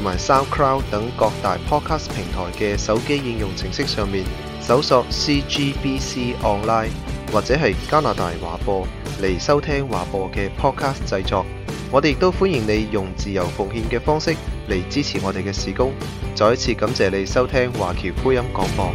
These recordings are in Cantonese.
同埋 SoundCloud 等各大 Podcast 平台嘅手機應用程式上面搜索 CGBC Online 或者係加拿大華播嚟收聽華播嘅 Podcast 製作。我哋亦都歡迎你用自由奉獻嘅方式嚟支持我哋嘅事工。再一次感謝你收聽華僑福音廣播。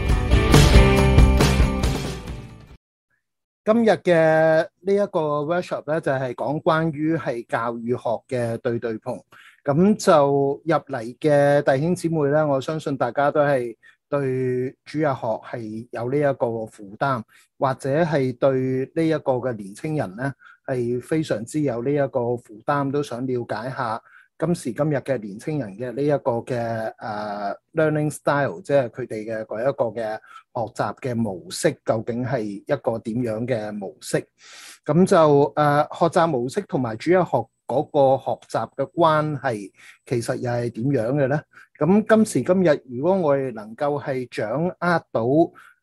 今日嘅呢一個 workshop 咧就係講關於係教與學嘅對對碰。咁就入嚟嘅弟兄姊妹咧，我相信大家都係對主日學係有呢一個負擔，或者係對呢一個嘅年青人咧係非常之有呢一個負擔，都想了解下今時今日嘅年青人嘅呢一個嘅誒 learning style，即係佢哋嘅嗰一個嘅學習嘅模式，究竟係一個點樣嘅模式？咁就誒學習模式同埋主日學。嗰個學習嘅關係其實又係點樣嘅咧？咁今時今日，如果我哋能夠係掌握到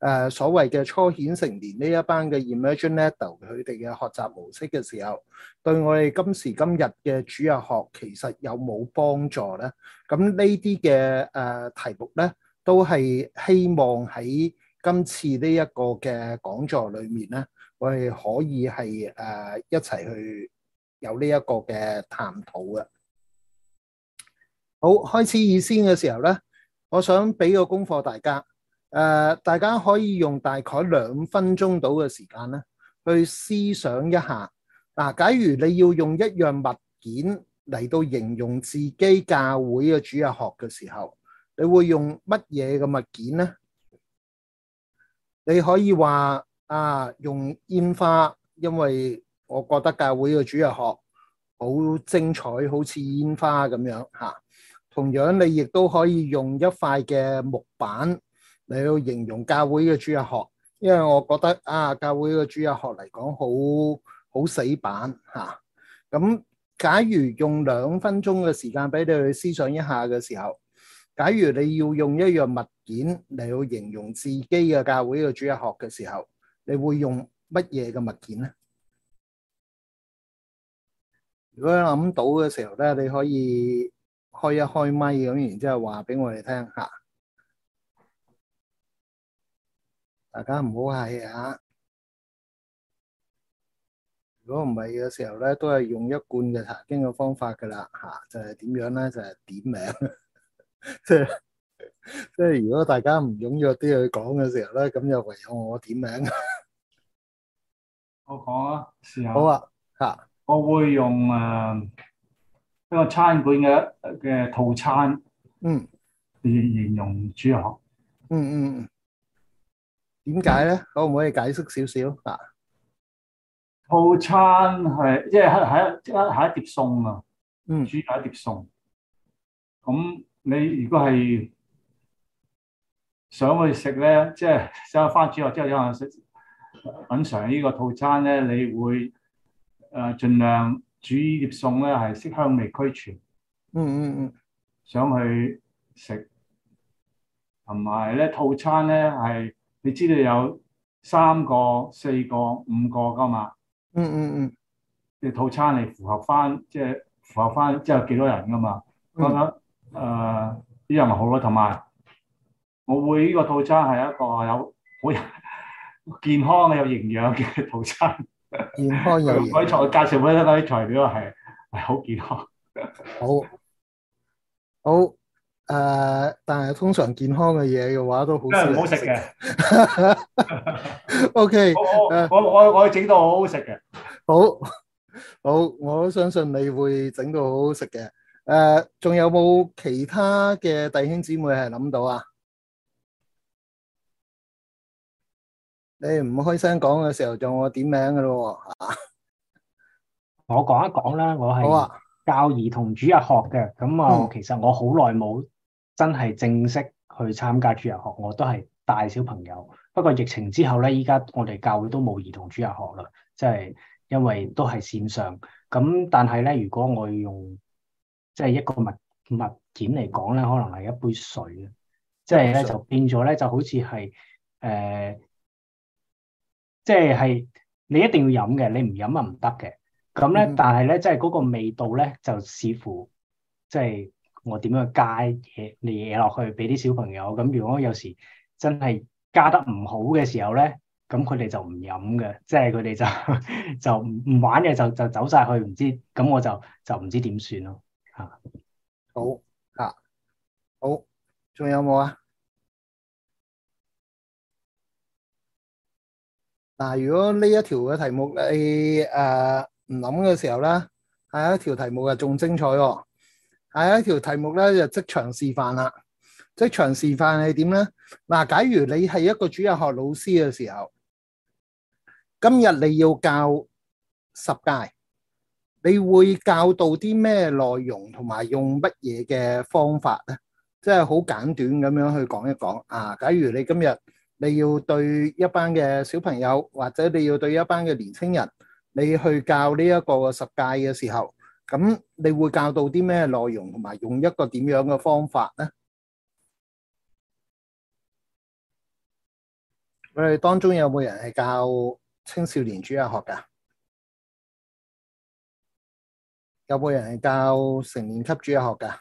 誒所謂嘅初顯成年呢一班嘅 emergent level 佢哋嘅學習模式嘅時候，對我哋今時今日嘅主日學其實有冇幫助咧？咁呢啲嘅誒題目咧，都係希望喺今次呢一個嘅講座裡面咧，我哋係可以係誒一齊去。有呢一個嘅探討嘅，好開始以先嘅時候呢，我想俾個功課大家，誒、呃，大家可以用大概兩分鐘到嘅時間呢，去思想一下。嗱、啊，假如你要用一樣物件嚟到形容自己教會嘅主日學嘅時候，你會用乜嘢嘅物件呢？你可以話啊，用煙花，因為我覺得教會嘅主日學好精彩，好似煙花咁樣嚇、啊。同樣，你亦都可以用一塊嘅木板嚟去形容教會嘅主日學，因為我覺得啊，教會嘅主日學嚟講好好死板嚇。咁、啊、假如用兩分鐘嘅時間俾你去思想一下嘅時候，假如你要用一樣物件嚟去形容自己嘅教會嘅主日學嘅時候，你會用乜嘢嘅物件呢？如果諗到嘅時候咧，你可以開一開咪，咁，然之後話俾我哋聽嚇。大家唔好客氣嚇。如果唔係嘅時候咧，都係用一貫嘅查經嘅方法噶啦嚇，就係點樣咧？就係點名。即係即係，如果大家唔踴躍啲去講嘅時候咧，咁又唯有我點名。我講啊，試試好啊，嚇、啊。我會用誒一、呃這個餐館嘅嘅套餐嗯嗯，嗯，嚟形容煮學，嗯嗯嗯，點解咧？可唔可以解釋少少啊？套餐係即係喺喺下一碟餸啊，嗯，煮下一碟餸，咁、嗯、你如果係想去食咧，即係想翻煮學之後有人食品嚐呢個套餐咧，你會。誒，盡、啊、量煮碟餸咧，係色香味俱全。嗯嗯嗯，想去食，同埋咧套餐咧係你知道有三個、四個、五個噶嘛。嗯嗯嗯，嘅套餐你符合翻，即係符合翻，即係幾多人噶嘛？我覺得誒，呢樣咪好咯。同埋我會呢個套餐係一個有好 健康嘅、有營養嘅套餐。健康又介紹睇啲材料係係好健康，好好誒、呃，但係通常健康嘅嘢嘅話都、啊、好少 Okay, 唔好食嘅。O K，我我我我整到好好食嘅，好好我都相信你會整到好好食嘅。誒、呃，仲有冇其他嘅弟兄姊妹係諗到啊？你唔開聲講嘅時候就我點名嘅咯， 我講一講啦，我係教兒童主日學嘅，咁啊，其實我好耐冇真係正式去參加主日學，我都係帶小朋友。不過疫情之後咧，依家我哋教會都冇兒童主日學啦，即係因為都係線上。咁但係咧，如果我用即係一個物物件嚟講咧，可能係一杯水，即係咧就變咗咧，就好似係誒。呃即係你一定要飲嘅，你唔飲啊唔得嘅。咁咧，嗯、但係咧，即係嗰個味道咧，就視乎即係、就是、我點樣去加嘢你嘢落去俾啲小朋友。咁如果有時真係加得唔好嘅時候咧，咁佢哋就唔飲嘅，即係佢哋就就唔玩嘅，就就，就走晒去，唔知咁我就就唔知點算咯。吓，好啊，好，仲有冇啊？嗱，如果呢一條嘅題目你誒唔諗嘅時候咧，下一條題目啊仲精彩喎，下一條題目咧就即場示範啦。即場示範係點咧？嗱，假如你係一個主日學老師嘅時候，今日你要教十屆，你會教到啲咩內容同埋用乜嘢嘅方法咧？即係好簡短咁樣去講一講。啊，假如你今日。你要對一班嘅小朋友，或者你要對一班嘅年青人，你去教呢一個十戒嘅時候，咁你會教到啲咩內容，同埋用一個點樣嘅方法咧？我哋當中有冇人係教青少年主日學㗎？有冇人係教成年級主日學㗎？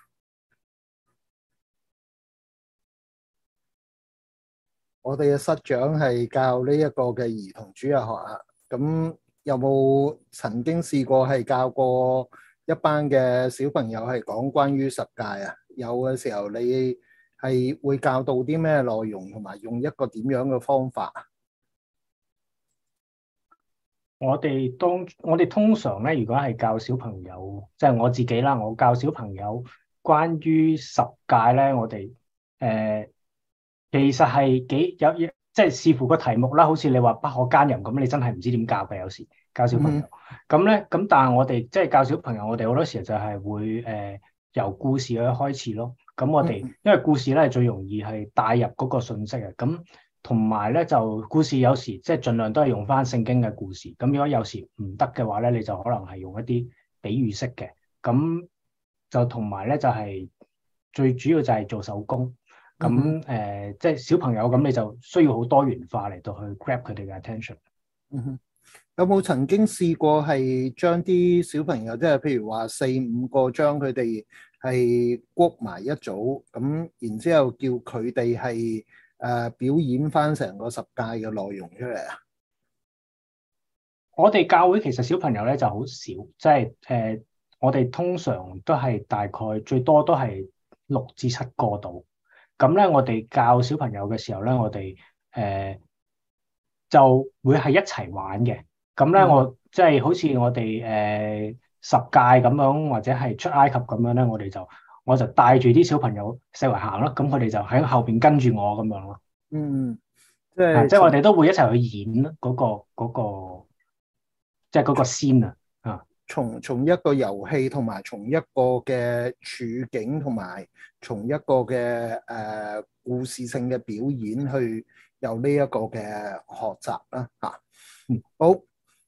我哋嘅室長係教呢一個嘅兒童主日學啊，咁有冇曾經試過係教過一班嘅小朋友係講關於十戒啊？有嘅時候你係會教到啲咩內容，同埋用一個點樣嘅方法？我哋當我哋通常咧，如果係教小朋友，即係我自己啦，我教小朋友關於十戒咧，我哋誒。呃其實係幾有，即係視乎個題目啦，好似你話不可奸淫咁，你真係唔知點教嘅有時教小朋友咁咧。咁、嗯、但係我哋即係教小朋友，我哋好多時候就係會誒、呃、由故事去開始咯。咁我哋、嗯、因為故事咧係最容易係帶入嗰個信息嘅。咁同埋咧就故事有時即係盡量都係用翻聖經嘅故事。咁如果有時唔得嘅話咧，你就可能係用一啲比喻式嘅。咁就同埋咧就係、是、最主要就係做手工。咁誒，嗯嗯、即係小朋友咁，你就需要好多元化嚟到去 grab 佢哋嘅 attention。嗯哼，有冇曾經試過係將啲小朋友，即係譬如話四五個，將佢哋係谷埋一組，咁然之後叫佢哋係誒表演返成個十誡嘅內容出嚟啊？我哋教會其實小朋友咧就好少，即係誒，我哋通常都係大概最多都係六至七個度。咁咧，我哋教小朋友嘅時候咧，我哋誒、呃、就會係一齊玩嘅。咁咧，嗯、我即係好似我哋誒十屆咁樣，或者係出埃及咁樣咧，我哋就我就帶住啲小朋友四圍行咯。咁佢哋就喺後邊跟住我咁樣咯。嗯，即係即係我哋都會一齊去演嗰、嗰個即係嗰個 scene 啊，就是從從一個遊戲，同埋從一個嘅處境，同埋從一個嘅誒、呃、故事性嘅表演去有呢一個嘅學習啦嚇，嗯、好，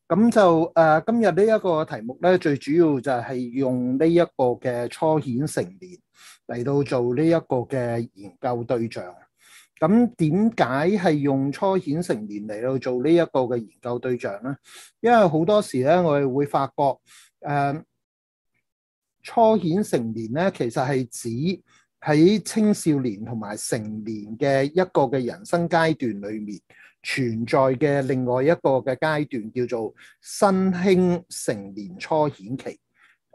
咁就誒、呃、今日呢一個題目咧，最主要就係用呢一個嘅初顯成年嚟到做呢一個嘅研究對象。咁點解係用初顯成年嚟到做呢一個嘅研究對象咧？因為好多時咧，我哋會發覺，誒、啊，初顯成年咧，其實係指喺青少年同埋成年嘅一個嘅人生階段裏面存在嘅另外一個嘅階段，叫做新興成年初顯期。誒、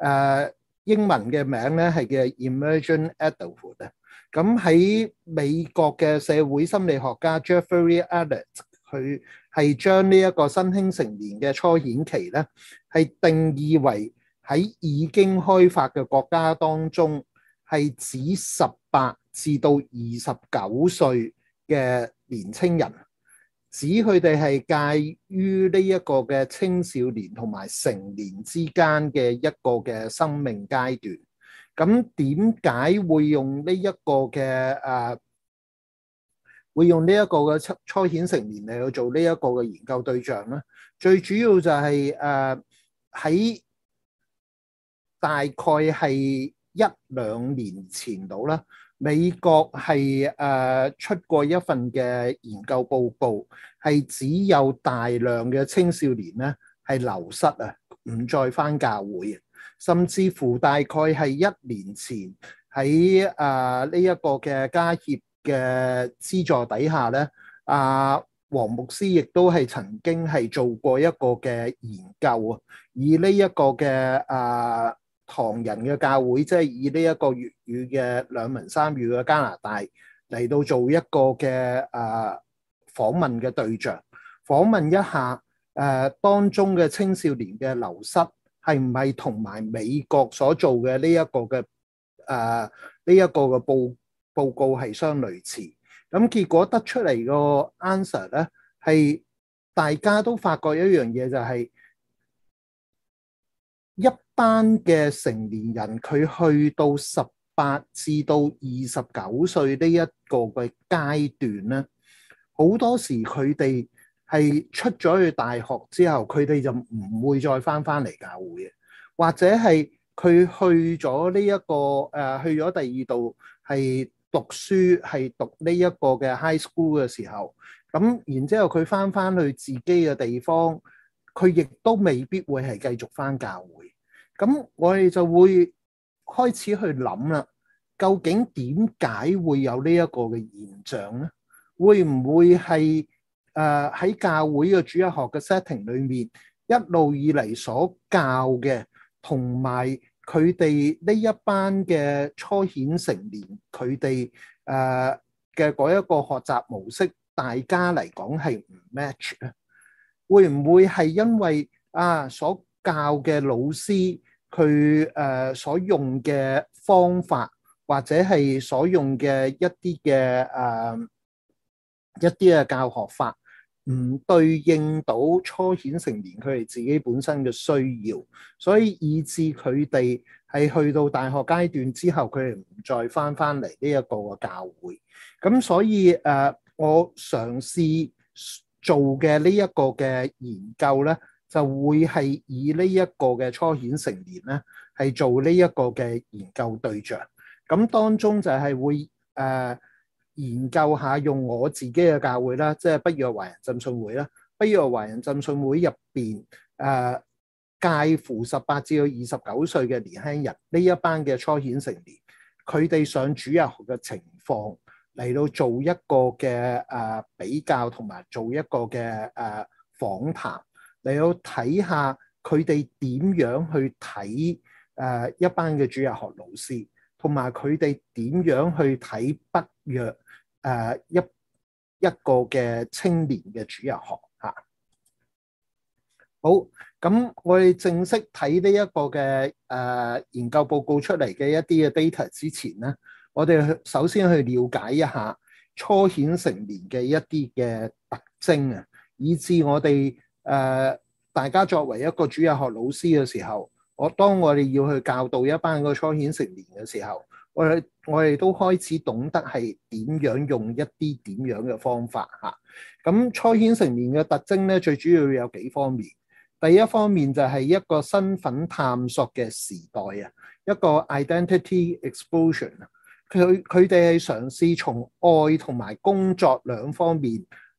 啊，英文嘅名咧係叫 Emergent Adulthood。咁喺美國嘅社會心理學家 Jeffrey Atlas，佢係將呢一個新興成年嘅初顯期咧，係定義為喺已經開發嘅國家當中，係指十八至到二十九歲嘅年青人，指佢哋係介於呢一個嘅青少年同埋成年之間嘅一個嘅生命階段。咁點解會用呢一個嘅誒、啊，會用呢一個嘅初初顯成年嚟去做呢一個嘅研究對象咧？最主要就係誒喺大概係一兩年前度啦，美國係誒、啊、出過一份嘅研究報告，係只有大量嘅青少年咧係流失啊，唔再返教會。甚至乎大概係一年前喺啊呢一個嘅家協嘅資助底下咧，阿王牧師亦都係曾經係做過一個嘅研究啊。以呢一個嘅啊唐人嘅教會，即係以呢一個粵語嘅兩文三語嘅加拿大嚟到做一個嘅啊訪問嘅對象，訪問一下誒當中嘅青少年嘅流失。係唔係同埋美國所做嘅呢一個嘅誒呢一個嘅報報告係相類似？咁結果得出嚟個 answer 咧，係大家都發覺一樣嘢就係、是、一班嘅成年人，佢去到十八至到二十九歲呢一個嘅階段咧，好多時佢哋。係出咗去大學之後，佢哋就唔會再返返嚟教會嘅，或者係佢去咗呢一個誒、啊，去咗第二度係讀書，係讀呢一個嘅 high school 嘅時候，咁然之後佢返返去自己嘅地方，佢亦都未必會係繼續返教會。咁我哋就會開始去諗啦，究竟點解會有呢一個嘅現象咧？會唔會係？誒，喺教會嘅主日學嘅 setting 裏面，一路以嚟所教嘅，同埋佢哋呢一班嘅初顯成年，佢哋誒嘅嗰一個學習模式，大家嚟講係唔 match 啊？會唔會係因為啊所教嘅老師佢誒所用嘅方法，或者係所用嘅一啲嘅誒一啲嘅教學法？唔對應到初顯成年佢哋自己本身嘅需要，所以以致佢哋係去到大學階段之後，佢哋唔再返返嚟呢一個嘅教會。咁所以誒，我嘗試做嘅呢一個嘅研究咧，就會係以呢一個嘅初顯成年咧，係做呢一個嘅研究對象。咁當中就係會誒。研究下用我自己嘅教會啦，即、就、係、是、北約華人浸信會啦。北約華人浸信會入邊，誒、呃、介乎十八至到二十九歲嘅年輕人呢一班嘅初顯成年，佢哋上主日學嘅情況嚟到做一個嘅誒比較，同埋做一個嘅誒訪談嚟到睇下佢哋點樣去睇誒一班嘅主日學老師，同埋佢哋點樣去睇北約。誒一一個嘅青年嘅主日學嚇。好，咁，我哋正式睇呢一個嘅誒研究報告出嚟嘅一啲嘅 data 之前咧，我哋首先去了解一下初顯成年嘅一啲嘅特徵啊，以至我哋誒、呃、大家作為一個主日學老師嘅時候，我當我哋要去教導一班個初顯成年嘅時候。我哋都開始懂得係點樣用一啲點樣嘅方法嚇。咁初顯成年嘅特徵咧，最主要有幾方面。第一方面就係一個身份探索嘅時代啊，一個 identity explosion 佢佢哋係嘗試從愛同埋工作兩方面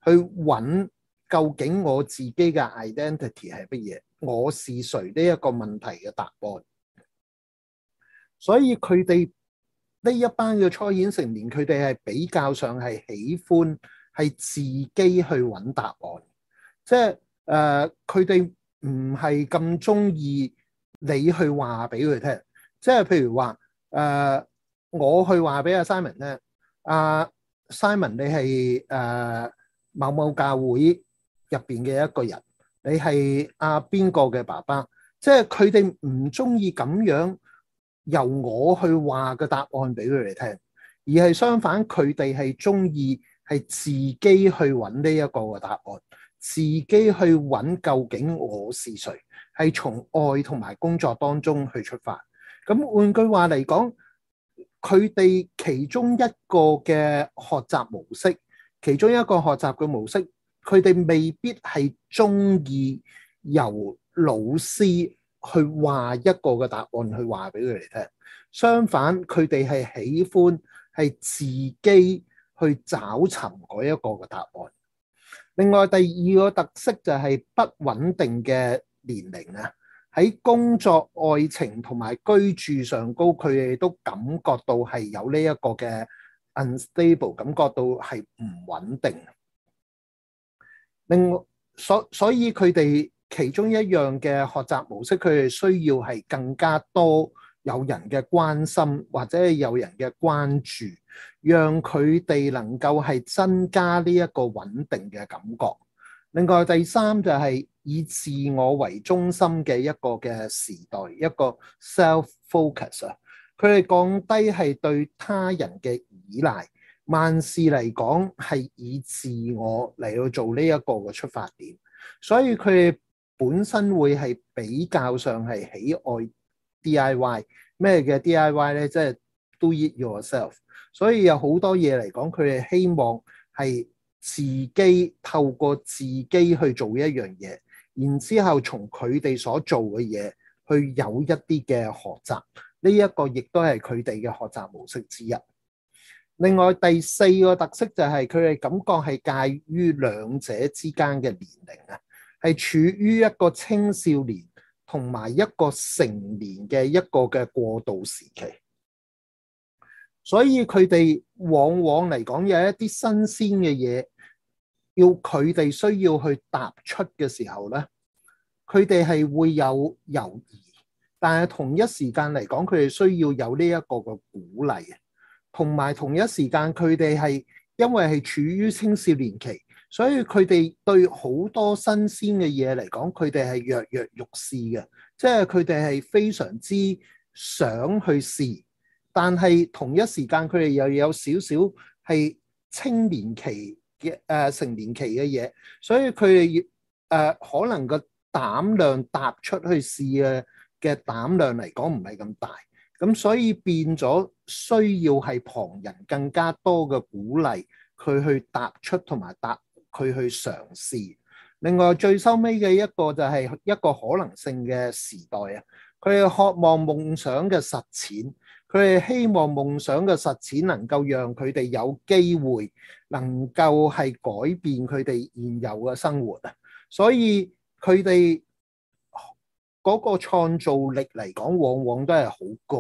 去揾究竟我自己嘅 identity 係乜嘢，我是誰呢一個問題嘅答案。所以佢哋。呢一班嘅初演成年，佢哋係比較上係喜歡係自己去揾答案，即係誒佢哋唔係咁中意你去話俾佢聽，即係譬如話誒、呃，我去話俾阿 Simon 咧、啊，阿 Simon 你係誒、呃、某某教會入邊嘅一個人，你係阿邊個嘅爸爸，即係佢哋唔中意咁樣。由我去話個答案俾佢哋聽，而係相反，佢哋係鍾意係自己去揾呢一個嘅答案，自己去揾究竟我是誰，係從愛同埋工作當中去出發。咁換句話嚟講，佢哋其中一個嘅學習模式，其中一個學習嘅模式，佢哋未必係鍾意由老師。去話一個嘅答案去話俾佢哋聽，相反佢哋係喜歡係自己去找尋嗰一個嘅答案。另外第二個特色就係不穩定嘅年齡啊，喺工作、愛情同埋居住上高，佢哋都感覺到係有呢一個嘅 unstable，感覺到係唔穩定。另外，所所以佢哋。其中一樣嘅學習模式，佢哋需要係更加多有人嘅關心，或者有人嘅關注，讓佢哋能夠係增加呢一個穩定嘅感覺。另外第三就係以自我為中心嘅一個嘅時代，一個 self focus 啊，佢哋降低係對他人嘅依賴，萬事嚟講係以自我嚟去做呢一個嘅出發點，所以佢哋。本身會係比較上係喜愛 DIY 咩嘅 DIY 咧，即係 do it yourself。所以有好多嘢嚟講，佢哋希望係自己透過自己去做一樣嘢，然之後從佢哋所做嘅嘢去有一啲嘅學習。呢一個亦都係佢哋嘅學習模式之一。另外第四個特色就係佢哋感覺係介於兩者之間嘅年齡啊。係處於一個青少年同埋一個成年嘅一個嘅過渡時期，所以佢哋往往嚟講有一啲新鮮嘅嘢，要佢哋需要去踏出嘅時候咧，佢哋係會有猶豫，但係同一時間嚟講，佢哋需要有呢一個嘅鼓勵，同埋同一時間佢哋係因為係處於青少年期。所以佢哋對好多新鮮嘅嘢嚟講，佢哋係躍躍欲試嘅，即係佢哋係非常之想去試，但係同一時間佢哋又有少少係青年期嘅誒、呃，成年期嘅嘢，所以佢哋誒可能個膽量踏出去試嘅嘅膽量嚟講唔係咁大，咁所以變咗需要係旁人更加多嘅鼓勵，佢去踏出同埋踏。佢去嘗試，另外最收尾嘅一個就係一個可能性嘅時代啊！佢哋渴望夢想嘅實踐，佢哋希望夢想嘅實踐能夠讓佢哋有機會，能夠係改變佢哋現有嘅生活啊！所以佢哋嗰個創造力嚟講，往往都係好高，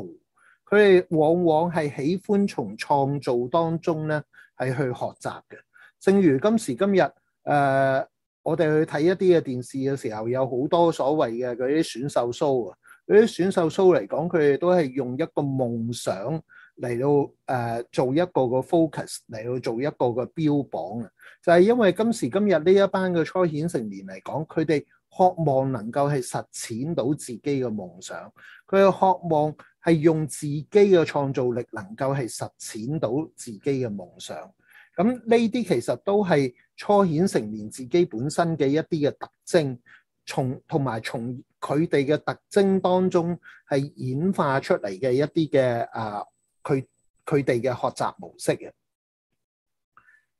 佢哋往往係喜歡從創造當中咧係去學習嘅。正如今時今日，誒、呃，我哋去睇一啲嘅電視嘅時候，有好多所謂嘅嗰啲選秀 show 啊，嗰啲選秀 show 嚟講，佢哋都係用一個夢想嚟到誒做一個個 focus 嚟到做一個個標榜啊。就係、是、因為今時今日呢一班嘅初顯成年嚟講，佢哋渴望能夠係實踐到自己嘅夢想，佢哋渴望係用自己嘅創造力能夠係實踐到自己嘅夢想。咁呢啲其實都係初顯成年自己本身嘅一啲嘅特徵，從同埋從佢哋嘅特徵當中係演化出嚟嘅一啲嘅啊，佢佢哋嘅學習模式嘅。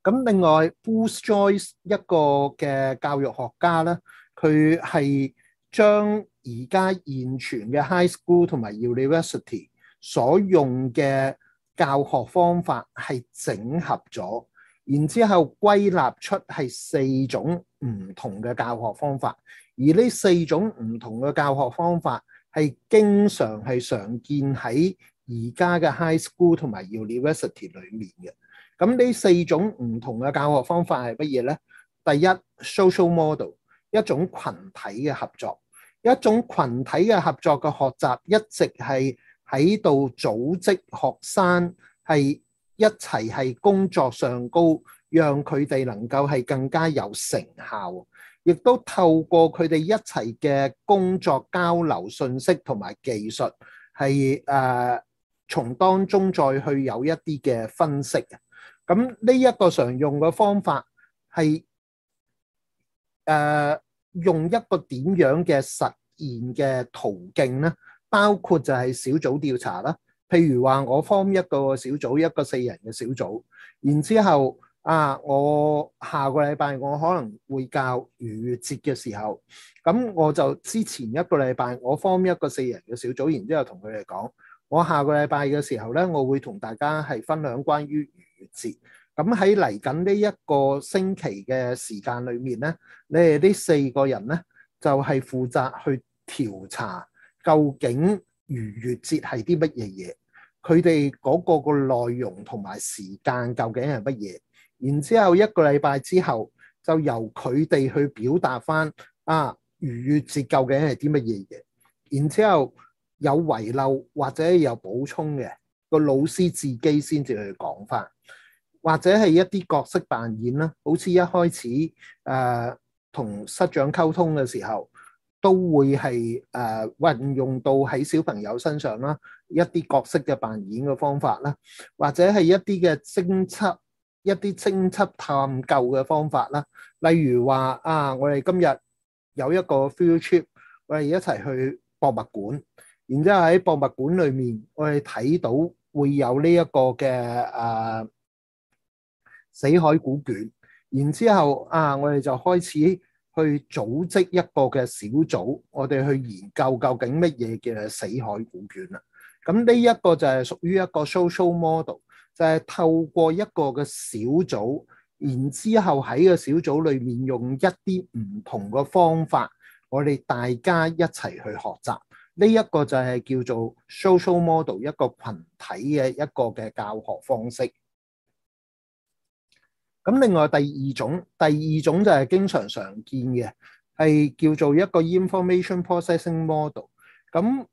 咁另外，Bruce Joyce 一個嘅教育學家咧，佢係將而家現存嘅 high school 同埋 university 所用嘅。教學方法係整合咗，然之後歸納出係四種唔同嘅教學方法，而呢四種唔同嘅教學方法係經常係常見喺而家嘅 high school 同埋 university 裡面嘅。咁、嗯、呢四種唔同嘅教學方法係乜嘢呢？第一 social model 一種群體嘅合作，一種群體嘅合作嘅學習一直係。喺度組織學生係一齊喺工作上高，讓佢哋能夠係更加有成效，亦都透過佢哋一齊嘅工作交流信息同埋技術，係誒、呃、從當中再去有一啲嘅分析。咁呢一個常用嘅方法係誒、呃、用一個點樣嘅實現嘅途徑呢？包括就係小組調查啦，譬如話我 form 一個小組，一個四人嘅小組，然之後啊，我下個禮拜我可能會教逾越節嘅時候，咁我就之前一個禮拜我 form 一個四人嘅小組，然之後同佢哋講，我下個禮拜嘅時候咧，我會同大家係分享關於逾越節，咁喺嚟緊呢一個星期嘅時間裏面咧，你哋呢四個人咧就係、是、負責去調查。究竟逾越節係啲乜嘢嘢？佢哋嗰個個內容同埋時間究竟係乜嘢？然之後一個禮拜之後，就由佢哋去表達翻啊，逾越節究竟係啲乜嘢嘢？然之後有遺漏或者有補充嘅，個老師自己先至去講翻，或者係一啲角色扮演啦，好似一開始誒同室長溝通嘅時候。都會係誒、呃、運用到喺小朋友身上啦，一啲角色嘅扮演嘅方法啦，或者係一啲嘅偵測、一啲偵測探究嘅方法啦。例如話啊，我哋今日有一個 field trip，我哋一齊去博物館，然之後喺博物館裏面，我哋睇到會有呢一個嘅誒、啊、死海古卷，然之後啊，我哋就開始。去組織一個嘅小組，我哋去研究究竟乜嘢叫死海古卷啊？咁呢一個就係屬於一個 social model，就係、是、透過一個嘅小組，然之後喺個小組裏面用一啲唔同嘅方法，我哋大家一齊去學習。呢、這、一個就係叫做 social model，一個群體嘅一個嘅教學方式。咁另外第二種，第二種就係經常常見嘅，係叫做一個 information processing model。咁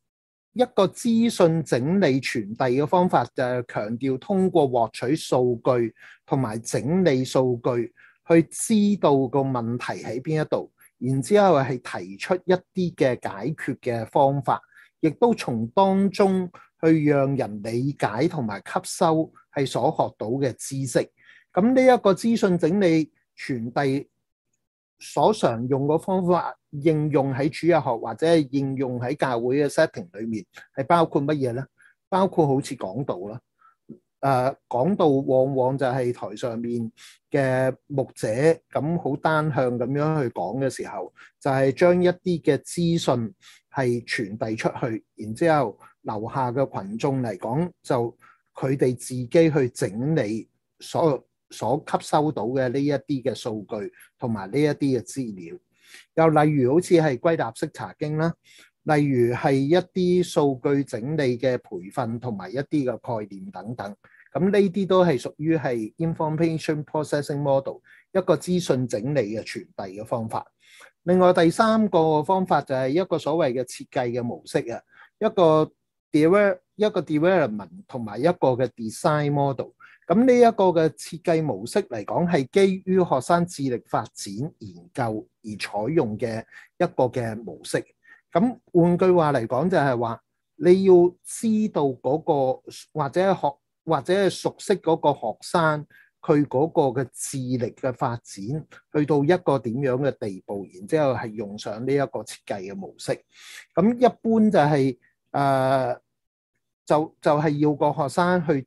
一個資訊整理傳遞嘅方法，就係強調通過獲取數據同埋整理數據，去知道個問題喺邊一度，然之後係提出一啲嘅解決嘅方法，亦都從當中去讓人理解同埋吸收係所學到嘅知識。咁呢一個資訊整理傳遞所常用個方法，應用喺主日學或者係應用喺教會嘅 setting 裏面，係包括乜嘢咧？包括好似講道啦，誒、呃、講道往往就係台上面嘅牧者咁好單向咁樣去講嘅時候，就係、是、將一啲嘅資訊係傳遞出去，然之後樓下嘅群眾嚟講，就佢哋自己去整理所有，所吸收到嘅呢一啲嘅數據同埋呢一啲嘅資料，又例如好似係歸納式查經啦，例如係一啲數據整理嘅培訓同埋一啲嘅概念等等，咁呢啲都係屬於係 information processing model 一個資訊整理嘅傳遞嘅方法。另外第三個方法就係一個所謂嘅設計嘅模式啊，一個 develop 一個 development 同埋一個嘅 design model。咁呢一個嘅設計模式嚟講，係基於學生智力發展研究而採用嘅一個嘅模式。咁換句話嚟講，就係話你要知道嗰、嗰個或者學或者係熟悉嗰個學生，佢嗰個嘅智力嘅發展去到一個點樣嘅地步，然之後係用上呢一個設計嘅模式。咁一般就係、係、誒、呃，就就係、係、要個學生去。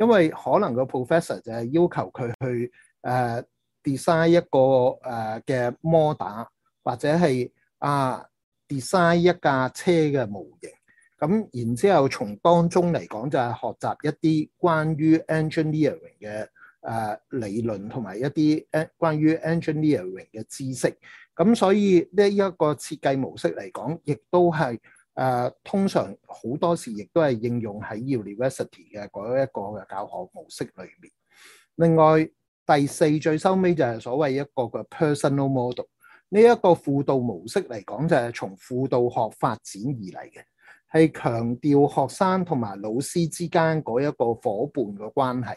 因為可能個 professor 就係要求佢去誒、uh, design 一個誒嘅、uh, 摩打，或者係啊、uh, design 一架車嘅模型。咁然之後從當中嚟講就係學習一啲關於 engineering 嘅誒、uh, 理論同埋一啲誒關於 engineering 嘅知識。咁所以呢一個設計模式嚟講，亦都係。誒、啊，通常好多時亦都係應用喺 University 嘅嗰一個嘅教學模式裏面。另外第四最收尾就係所謂一個嘅 personal model 呢一個輔、這個、導模式嚟講就係從輔導學發展而嚟嘅，係強調學生同埋老師之間嗰一個伙伴嘅關係。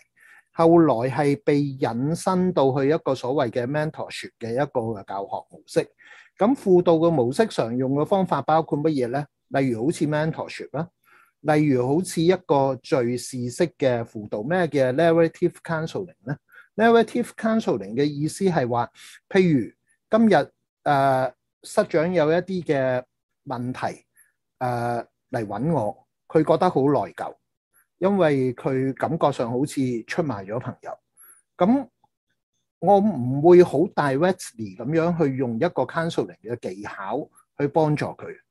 後來係被引申到去一個所謂嘅 mentorship 嘅一個嘅教學模式。咁輔導嘅模式常用嘅方法包括乜嘢咧？例如好似 mentorship 啦，例如好似一個敘事式嘅輔導，咩叫 narrative counselling 咧？narrative counselling 嘅意思係話，譬如今日誒，室、呃、長有一啲嘅問題誒嚟揾我，佢覺得好內疚，因為佢感覺上好似出賣咗朋友。咁我唔會好 directly 咁樣去用一個 counselling 嘅技巧去幫助佢。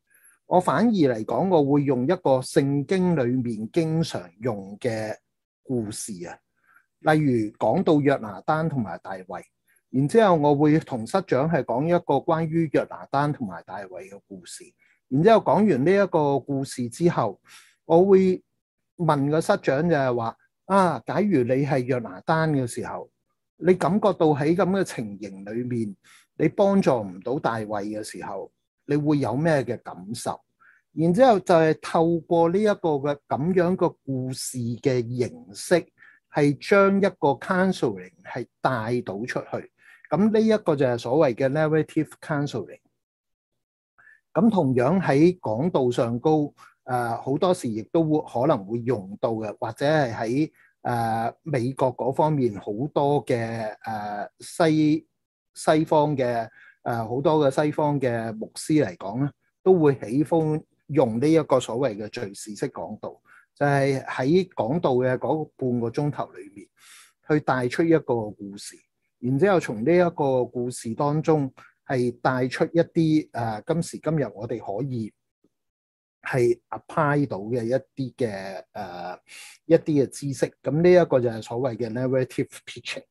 我反而嚟講，我會用一個聖經裏面經常用嘅故事啊，例如講到約拿單同埋大衛，然之後我會同室長係講一個關於約拿單同埋大衛嘅故事，然之後講完呢一個故事之後，我會問個室長就係話，啊，假如你係約拿單嘅時候，你感覺到喺咁嘅情形裏面，你幫助唔到大衛嘅時候。你會有咩嘅感受？然之後就係透過呢、這、一個嘅咁樣個故事嘅形式，係將一個 counseling 係帶到出去。咁呢一個就係所謂嘅 narrative counseling。咁同樣喺講道上高，誒、呃、好多時亦都會可能會用到嘅，或者係喺誒美國嗰方面好多嘅誒、呃、西西方嘅。誒好、啊、多嘅西方嘅牧師嚟講咧，都會喜歡用呢一個所謂嘅敘事式講道，就係喺講道嘅嗰個半個鐘頭裏面，去帶出一個故事，然之後從呢一個故事當中係帶出一啲誒、啊、今時今日我哋可以係 apply 到嘅一啲嘅誒一啲嘅知識。咁呢一個就係所謂嘅 narrative teaching。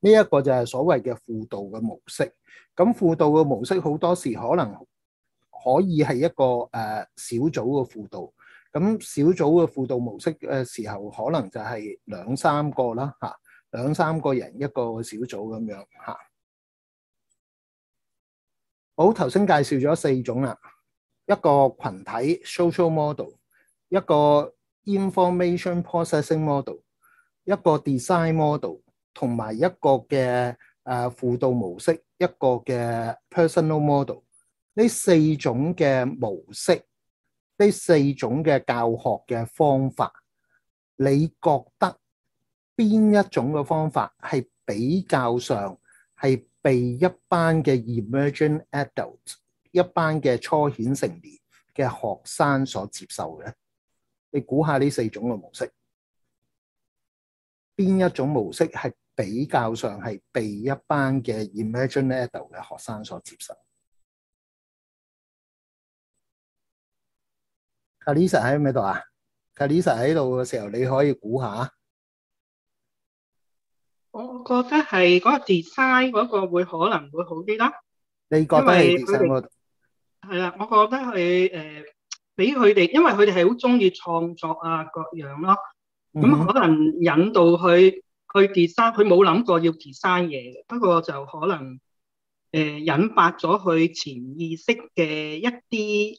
呢一個就係所謂嘅輔導嘅模式。咁輔導嘅模式好多時可能可以係一個誒小組嘅輔導。咁小組嘅輔導模式嘅時候，可能就係兩三個啦嚇，兩三個人一個小組咁樣嚇。好，頭先介紹咗四種啦，一個群體 social model，一個 information processing model，一個 design model。同埋一個嘅誒輔導模式，一個嘅 personal model，呢四種嘅模式，呢四種嘅教學嘅方法，你覺得邊一種嘅方法係比較上係被一班嘅 emerging adults，一班嘅初顯成年嘅學生所接受嘅呢？你估下呢四種嘅模式。邊一種模式係比較上係被一班嘅 imagine level 嘅學生所接受？卡里斯喺唔喺度啊？卡里斯喺度，嘅時候你可以估下。我覺得係嗰個 design 嗰個會可能會好啲啦。你覺得係 design 度？係啦，我覺得係誒，俾佢哋因為佢哋係好中意創作啊各樣咯。咁、嗯、可能引導佢去 detach，佢冇諗過要 detach 嘢，不過就可能誒引發咗佢潛意識嘅一啲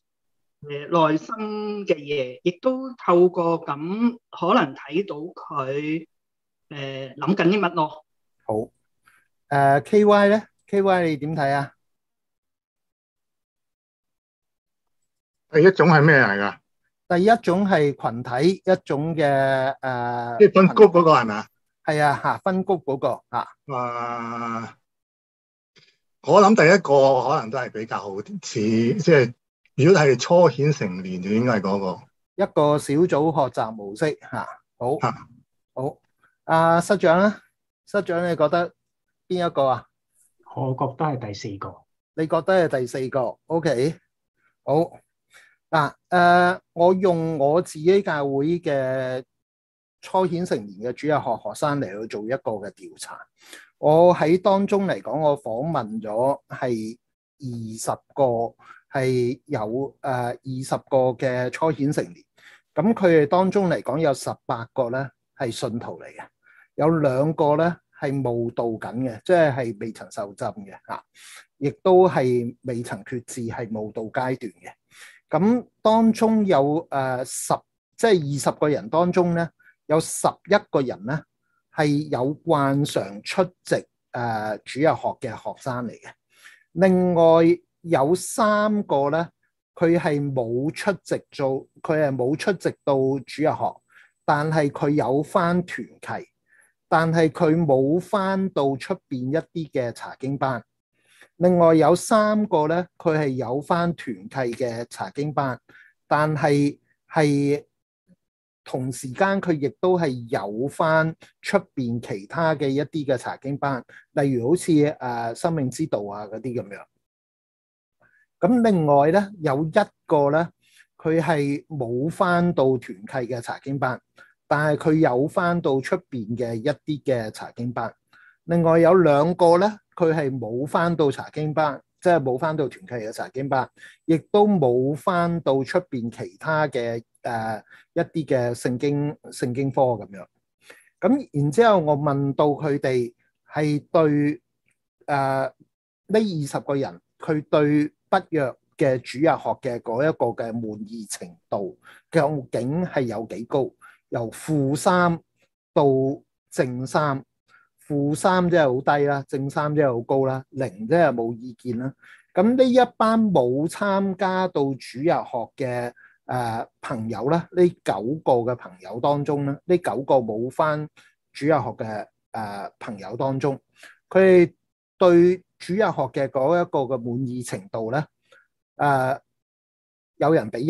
誒內心嘅嘢，亦都透過咁可能睇到佢誒諗緊啲乜咯。呃、好誒、uh，KY 咧，KY 你點睇啊？第一種係咩嚟噶？第一種係群體一種嘅誒，即係分谷嗰個係咪？係啊，吓分谷嗰個啊。誒，我諗第一個可能都係比較好似，即係如果係初顯成年就應該係嗰個。一個小組學習模式吓，好，好。阿師長咧，師長你覺得邊一個啊？我覺得係第四個。你覺得係第四個？OK，好。嗱，誒，我用我自己教會嘅初顯成年嘅主日學學生嚟去做一個嘅調查。我喺當中嚟講，我訪問咗係二十個係有，誒二十個嘅初顯成年。咁佢哋當中嚟講有十八個咧係信徒嚟嘅，有兩個咧係慕道緊嘅，即係係未曾受浸嘅啊，亦都係未曾決志係慕道階段嘅。咁當中有誒十，即係二十個人當中咧，有十一個人咧係有慣常出席誒、呃、主日學嘅學生嚟嘅。另外有三個咧，佢係冇出席做，佢係冇出席到主日學，但係佢有返團契，但係佢冇返到出面一啲嘅查經班。另外有三個咧，佢係有翻團契嘅查經班，但係係同時間佢亦都係有翻出邊其他嘅一啲嘅查經班，例如好似誒、呃、生命之道啊嗰啲咁樣。咁另外咧有一個咧，佢係冇翻到團契嘅查經班，但係佢有翻到出邊嘅一啲嘅查經班。另外有兩個咧。佢係冇返到查經班，即係冇返到團契嘅查經班，亦都冇返到出邊其他嘅誒、呃、一啲嘅聖經聖經科咁樣。咁然之後，我問到佢哋係對誒呢二十個人，佢對北約嘅主日學嘅嗰一個嘅滿意程度，究竟係有幾高？由負三到正三。3，負三即係好低啦，正三即係好高啦，零即係冇意見啦。咁呢一班冇參加到主日學嘅誒、呃、朋友啦，呢九個嘅朋友當中啦，呢九個冇返主日學嘅誒、呃、朋友當中，佢哋對主日學嘅嗰一個嘅滿意程度咧，誒、呃、有人俾一，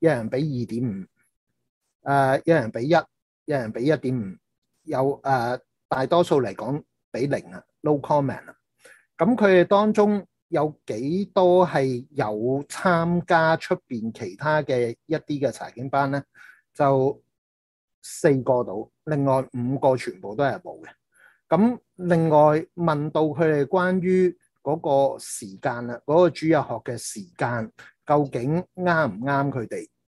有人俾二點五，誒有人俾一，有人俾一點五，有、呃、誒。大多數嚟講，比零啊 no comment 啊。咁佢哋當中有幾多係有參加出邊其他嘅一啲嘅查經班咧？就四個度，另外五個全部都係冇嘅。咁另外問到佢哋關於嗰個時間啦，嗰、嗰個主日學嘅時間究竟啱唔啱佢哋？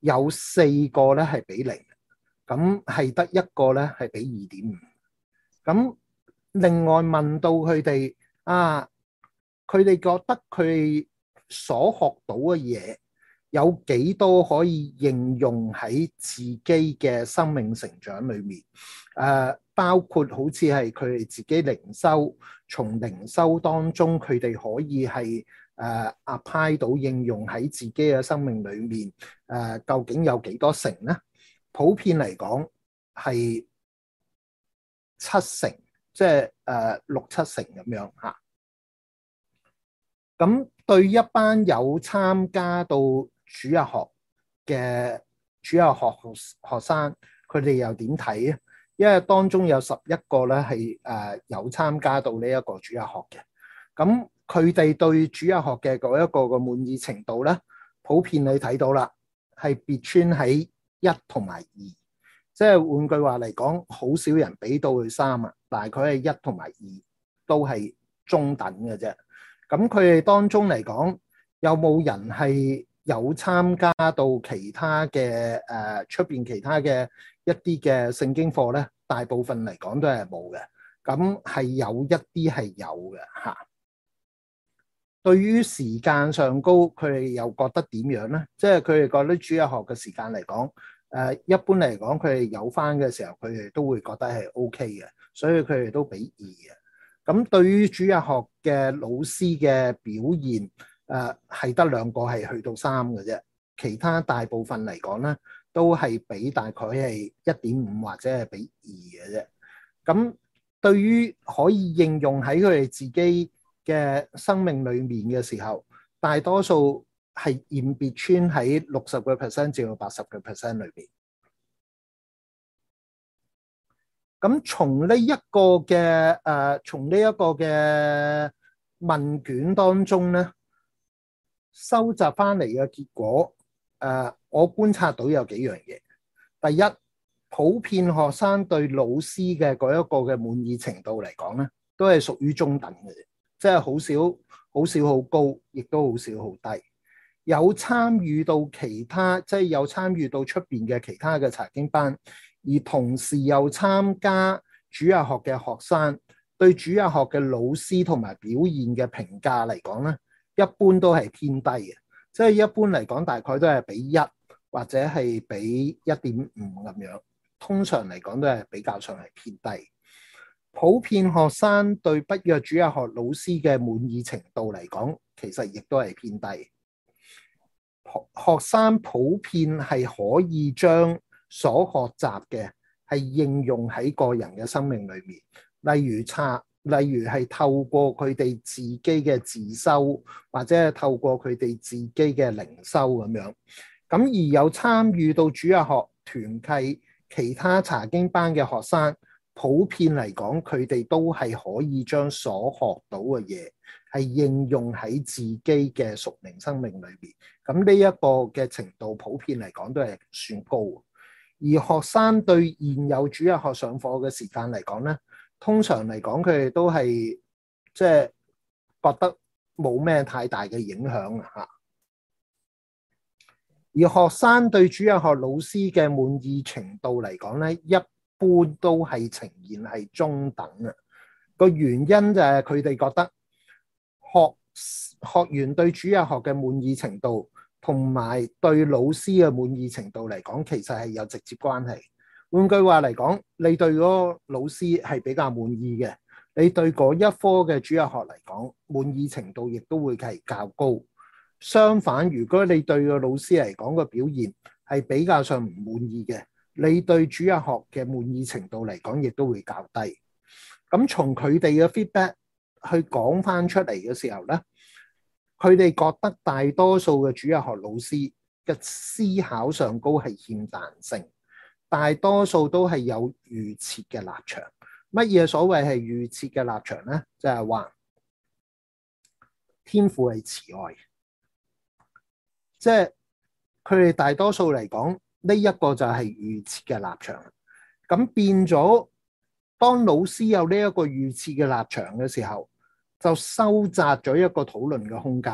有四個咧係俾零，咁係得一個咧係俾二點五。咁另外問到佢哋啊，佢哋覺得佢所學到嘅嘢有幾多可以應用喺自己嘅生命成長裡面？誒、啊，包括好似係佢哋自己靈修，從靈修當中佢哋可以係。誒、uh,，apply 到應用喺自己嘅生命裏面，誒、啊，究竟有幾多成咧？普遍嚟講係七成，即係誒、uh, 六七成咁樣嚇。咁、啊、對一班有參加到主日學嘅主日學學,學生，佢哋又點睇啊？因為當中有十一個咧係誒有參加到呢一個主日學嘅，咁。佢哋對主日學嘅嗰一個個滿意程度咧，普遍你睇到啦，係別穿喺一同埋二，即係換句話嚟講，好少人俾到佢三啊。但係佢係一同埋二都係中等嘅啫。咁佢哋當中嚟講，有冇人係有參加到其他嘅誒出邊其他嘅一啲嘅聖經課咧？大部分嚟講都係冇嘅。咁係有一啲係有嘅嚇。對於時間上高，佢哋又覺得點樣咧？即係佢哋覺得主日學嘅時間嚟講，誒，一般嚟講，佢哋有返嘅時候，佢哋都會覺得係 OK 嘅，所以佢哋都俾二嘅。咁對於主日學嘅老師嘅表現，誒，係得兩個係去到三嘅啫，其他大部分嚟講咧，都係俾大概係一點五或者係俾二嘅啫。咁對於可以應用喺佢哋自己。嘅生命裏面嘅時候，大多數係掩別穿喺六十個 percent 至到八十個 percent 裏邊。咁從呢一個嘅，誒，從呢一個嘅問卷當中咧，收集翻嚟嘅結果，誒、呃，我觀察到有幾樣嘢。第一，普遍學生對老師嘅嗰一個嘅滿意程度嚟講咧，都係屬於中等嘅。即係好少，好少好高，亦都好少好低。有參與到其他，即係有參與到出邊嘅其他嘅查經班，而同時又參加主日學嘅學生，對主日學嘅老師同埋表現嘅評價嚟講咧，一般都係偏低嘅。即係一般嚟講，大概都係比一或者係比一點五咁樣。通常嚟講，都係比較上係偏低。普遍學生對不約主日學老師嘅滿意程度嚟講，其實亦都係偏低。學生普遍係可以將所學習嘅係應用喺個人嘅生命裏面，例如查，例如係透過佢哋自己嘅自修，或者透過佢哋自己嘅靈修咁樣。咁而有參與到主日學團契其他查經班嘅學生。普遍嚟講，佢哋都係可以將所學到嘅嘢係應用喺自己嘅屬靈生命裏邊。咁呢一個嘅程度，普遍嚟講都係算高。而學生對現有主日學上課嘅時間嚟講呢，通常嚟講，佢哋都係即係覺得冇咩太大嘅影響啊。而學生對主日學老師嘅滿意程度嚟講呢，一般都係呈現係中等嘅，個原因就係佢哋覺得學學員對主日學嘅滿意程度，同埋對老師嘅滿意程度嚟講，其實係有直接關係。換句話嚟講，你對個老師係比較滿意嘅，你對嗰一科嘅主日學嚟講滿意程度亦都會係較高。相反，如果你對個老師嚟講個表現係比較上唔滿意嘅。你對主日學嘅滿意程度嚟講，亦都會較低。咁從佢哋嘅 feedback 去講翻出嚟嘅時候咧，佢哋覺得大多數嘅主日學老師嘅思考上高係欠彈性，大多數都係有預設嘅立場。乜嘢所謂係預設嘅立場咧？就係話天父係慈愛，即係佢哋大多數嚟講。呢一個就係預設嘅立場，咁變咗當老師有呢一個預設嘅立場嘅時候，就收窄咗一個討論嘅空間。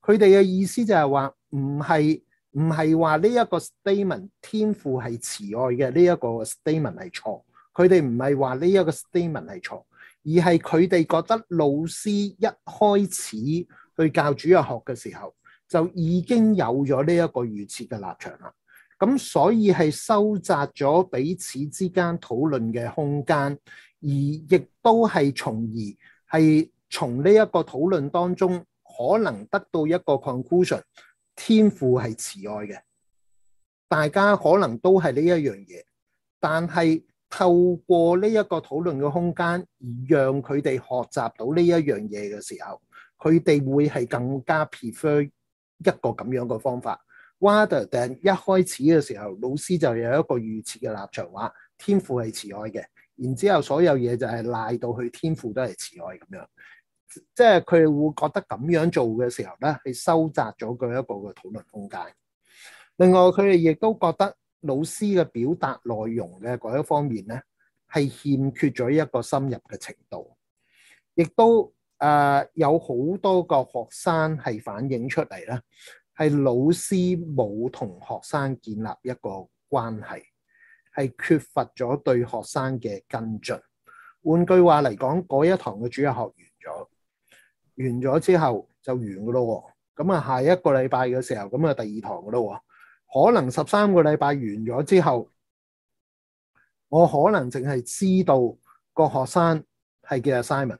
佢哋嘅意思就係話唔係唔係話呢一個 statement 天賦係慈愛嘅呢一個 statement 係錯，佢哋唔係話呢一個 statement 係錯，而係佢哋覺得老師一開始去教主日學嘅時候就已經有咗呢一個預設嘅立場啦。咁所以係收窄咗彼此之間討論嘅空間，而亦都係從而係從呢一個討論當中，可能得到一個 conclusion。天父係慈愛嘅，大家可能都係呢一樣嘢。但係透過呢一個討論嘅空間，而讓佢哋學習到呢一樣嘢嘅時候，佢哋會係更加 prefer 一個咁樣嘅方法。Water 定一開始嘅時候，老師就有一個預設嘅立場話：天父係慈愛嘅，然之後所有嘢就係賴到去天父都係慈愛咁樣。即係佢會覺得咁樣做嘅時候咧，係收窄咗佢一個嘅討論空間。另外，佢哋亦都覺得老師嘅表達內容嘅嗰一方面咧，係欠缺咗一個深入嘅程度。亦都誒有好多個學生係反映出嚟咧。係老師冇同學生建立一個關係，係缺乏咗對學生嘅跟進。換句話嚟講，嗰一堂嘅主日學完咗，完咗之後就完噶咯。咁啊，下一個禮拜嘅時候，咁啊，第二堂噶咯。可能十三個禮拜完咗之後，我可能淨係知道個學生係叫 Simon，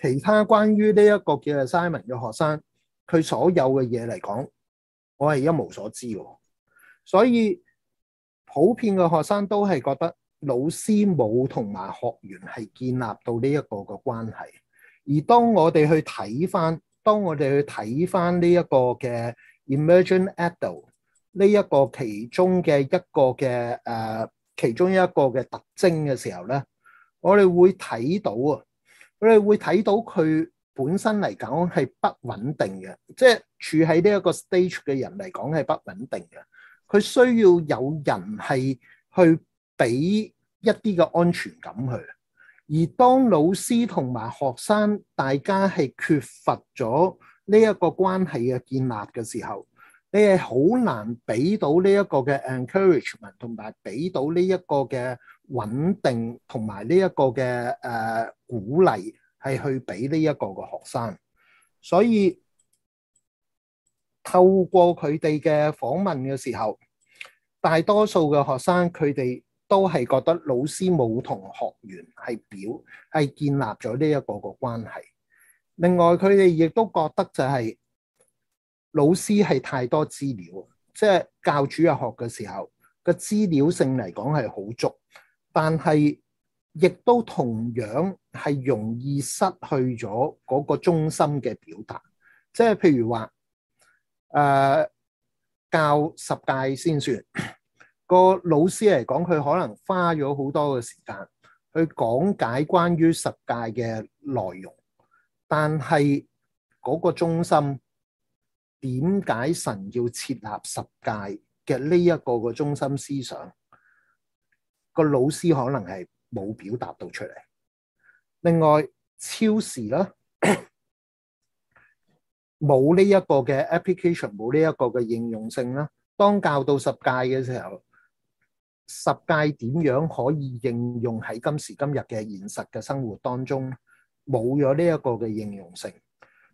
其他關於呢一個叫 Simon 嘅學生。佢所有嘅嘢嚟講，我係一無所知，所以普遍嘅學生都係覺得老師冇同埋學員係建立到呢一個嘅關係。而當我哋去睇翻，當我哋去睇翻呢一個嘅 emergent adult 呢一個其中嘅一個嘅誒、呃，其中一個嘅特徵嘅時候呢，我哋會睇到啊，我哋會睇到佢。本身嚟講係不穩定嘅，即係處喺呢一個 stage 嘅人嚟講係不穩定嘅。佢需要有人係去俾一啲嘅安全感佢。而當老師同埋學生大家係缺乏咗呢一個關係嘅建立嘅時候，你係好難俾到呢一個嘅 encouragement 同埋俾到呢一個嘅穩定同埋呢一個嘅誒鼓勵。係去俾呢一個個學生，所以透過佢哋嘅訪問嘅時候，大多數嘅學生佢哋都係覺得老師冇同學員係表係建立咗呢一個個關係。另外佢哋亦都覺得就係、是、老師係太多資料，即、就、係、是、教主入學嘅時候，個資料性嚟講係好足，但係，亦都同樣係容易失去咗嗰個中心嘅表達，即係譬如話，誒、呃、教十戒先算，個老師嚟講，佢可能花咗好多嘅時間去講解關於十戒嘅內容，但係嗰個中心點解神要設立十戒嘅呢一個個中心思想，個老師可能係。冇表達到出嚟。另外，超時啦，冇呢一個嘅 application，冇呢一個嘅應用性啦。當教到十戒嘅時候，十戒點樣可以應用喺今時今日嘅現實嘅生活當中？冇咗呢一個嘅應用性。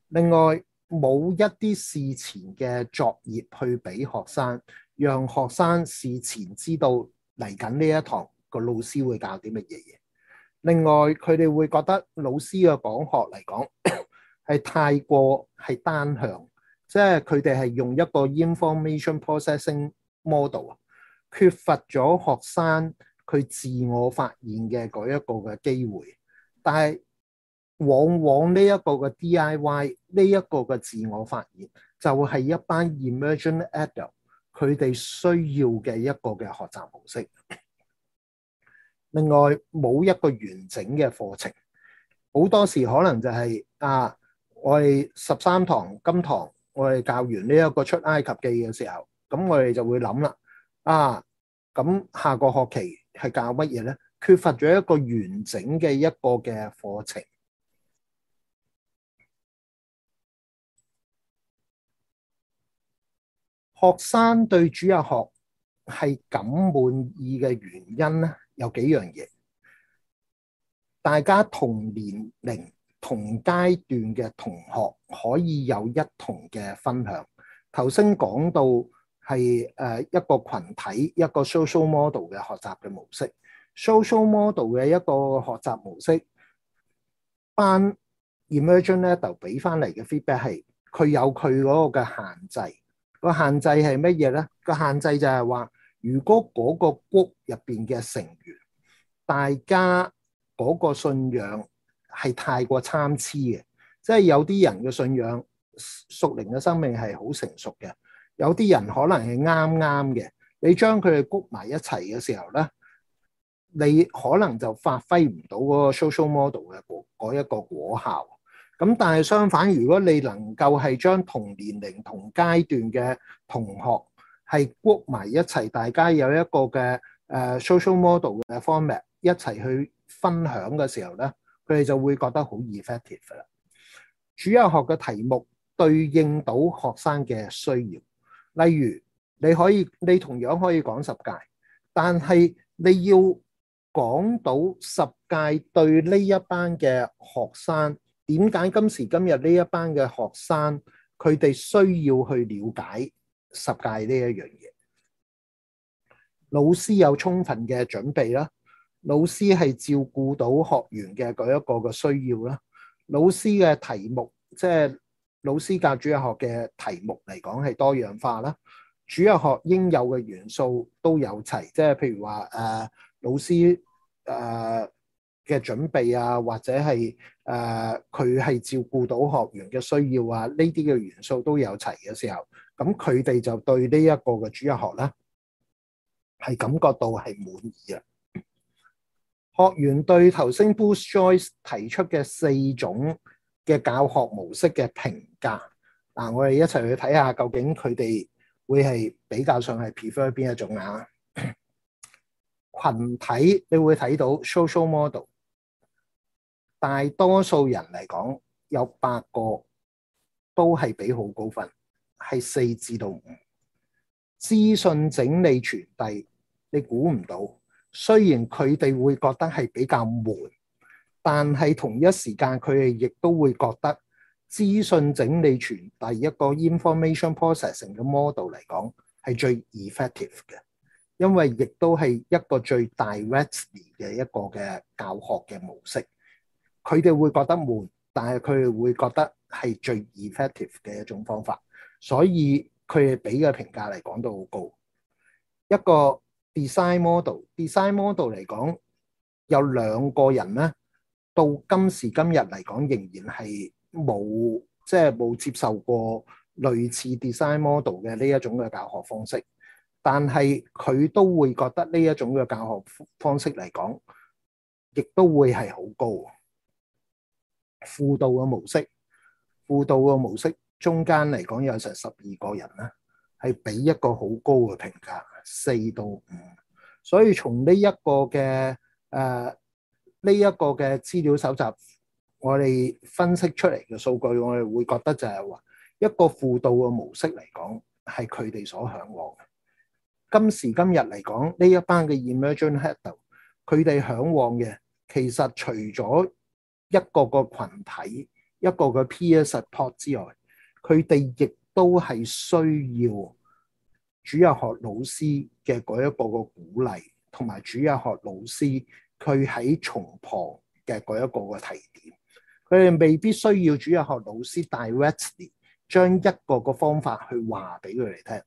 另外，冇一啲事前嘅作業去俾學生，讓學生事前知道嚟緊呢一堂。個老師會教啲乜嘢嘢？另外，佢哋會覺得老師嘅講學嚟講係太過係單向，即係佢哋係用一個 information processing model，缺乏咗學生佢自我發現嘅嗰一個嘅機會。但係往往呢一個嘅 DIY，呢一個嘅自我發現，就會係一班 emergent adult 佢哋需要嘅一個嘅學習模式。另外冇一個完整嘅課程，好多時可能就係、是、啊，我哋十三堂金堂，我哋教完呢一個出埃及記嘅時候，咁我哋就會諗啦，啊，咁下個學期係教乜嘢咧？缺乏咗一個完整嘅一個嘅課程，學生對主日學係咁滿意嘅原因咧？有幾樣嘢，大家同年齡、同階段嘅同學可以有一同嘅分享。頭先講到係誒一個群體一個 social model 嘅學習嘅模式，social model 嘅一個學習模式，班 emergent level 俾翻嚟嘅 feedback 係佢有佢嗰個嘅限制，個限制係乜嘢咧？個限制就係話，如果嗰個 group 入邊嘅成員，大家嗰個信仰係太過參差嘅，即係有啲人嘅信仰，屬靈嘅生命係好成熟嘅，有啲人可能係啱啱嘅，你將佢哋谷埋一齊嘅時候咧，你可能就發揮唔到嗰個 social model 嘅嗰一個果效。咁但係相反，如果你能夠係將同年齡、同階段嘅同學，係 group 埋一齊，大家有一個嘅誒 social model 嘅 format 一齊去分享嘅時候咧，佢哋就會覺得好 effective 啦。主日學嘅題目對應到學生嘅需要，例如你可以，你同樣可以講十屆，但係你要講到十屆對呢一班嘅學生，點解今時今日呢一班嘅學生佢哋需要去了解。十屆呢一樣嘢，老師有充分嘅準備啦，老師係照顧到學員嘅嗰一個嘅需要啦，老師嘅題目即係、就是、老師教主日學嘅題目嚟講係多樣化啦，主日學應有嘅元素都有齊，即係譬如話誒、呃、老師誒嘅、呃、準備啊，或者係誒佢係照顧到學員嘅需要啊，呢啲嘅元素都有齊嘅時候。咁佢哋就對一呢一個嘅主日學咧，係感覺到係滿意啊。學員對頭先 Bruce Joyce 提出嘅四種嘅教學模式嘅評價，嗱，我哋一齊去睇下究竟佢哋會係比較上係 prefer 邊一種啊？群體你會睇到 social model，大多數人嚟講有八個都係俾好高分。係四至到五，資訊整理傳遞，你估唔到。雖然佢哋會覺得係比較悶，但係同一時間佢哋亦都會覺得資訊整理傳遞一個 information processing 嘅 model 嚟講係最 effective 嘅，因為亦都係一個最 directly 嘅一個嘅教學嘅模式。佢哋會覺得悶，但係佢哋會覺得係最 effective 嘅一種方法。所以佢哋俾嘅評價嚟講都好高。一個 design model，design model 嚟講有兩個人咧，到今時今日嚟講仍然係冇即係冇接受過類似 design model 嘅呢一種嘅教學方式，但係佢都會覺得呢一種嘅教學方式嚟講，亦都會係好高。輔導嘅模式，輔導嘅模式。中間嚟講有成十二個人啦，係俾一個好高嘅評價，四到五。所以從呢一個嘅誒，呢一個嘅資料搜集，我哋分析出嚟嘅數據，我哋會覺得就係話一個輔導嘅模式嚟講，係佢哋所向往嘅。今時今日嚟講，呢一班嘅 emergent head，佢哋向往嘅其實除咗一個個群體，一個個 peer support 之外。佢哋亦都係需要主日學老師嘅嗰一個個鼓勵，同埋主日學老師佢喺從旁嘅嗰一個個提點。佢哋未必需要主日學老師 directly 將一個個方法去話俾佢哋聽，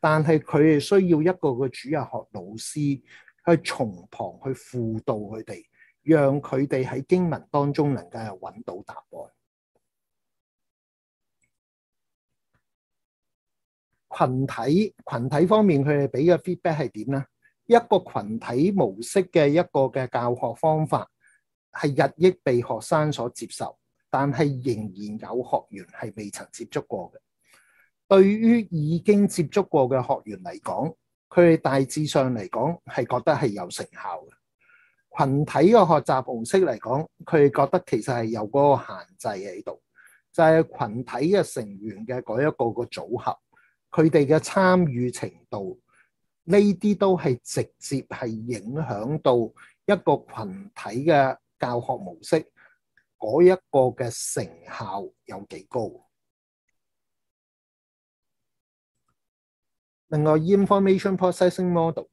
但係佢哋需要一個個主日學老師去從旁去輔導佢哋，讓佢哋喺經文當中能夠揾到答案。群體群體方面，佢哋俾嘅 feedback 係點呢？一個群體模式嘅一個嘅教學方法係日益被學生所接受，但係仍然有學員係未曾接觸過嘅。對於已經接觸過嘅學員嚟講，佢哋大致上嚟講係覺得係有成效嘅。群體嘅學習模式嚟講，佢哋覺得其實係有個限制喺度，就係、是、群體嘅成員嘅嗰一個個組合。佢哋嘅參與程度，呢啲都係直接係影響到一個群體嘅教學模式嗰一個嘅成效有幾高。另外，Information Processing Model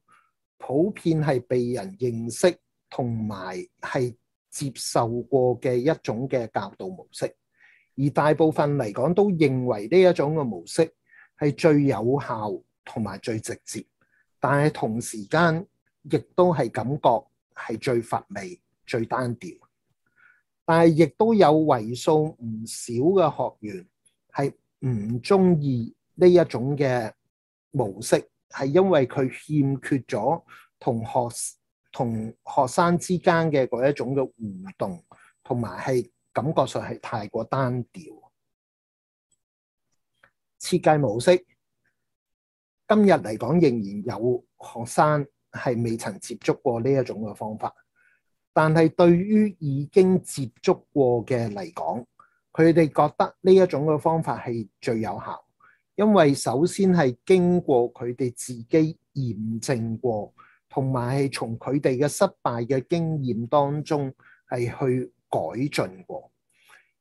普遍係被人認識同埋係接受過嘅一種嘅教導模式，而大部分嚟講都認為呢一種嘅模式。係最有效同埋最直接，但係同時間亦都係感覺係最乏味、最單調。但係亦都有為數唔少嘅學員係唔中意呢一種嘅模式，係因為佢欠缺咗同學同學生之間嘅嗰一種嘅互動，同埋係感覺上係太過單調。設計模式今日嚟講仍然有學生係未曾接觸過呢一種嘅方法，但係對於已經接觸過嘅嚟講，佢哋覺得呢一種嘅方法係最有效，因為首先係經過佢哋自己驗證過，同埋係從佢哋嘅失敗嘅經驗當中係去改進過。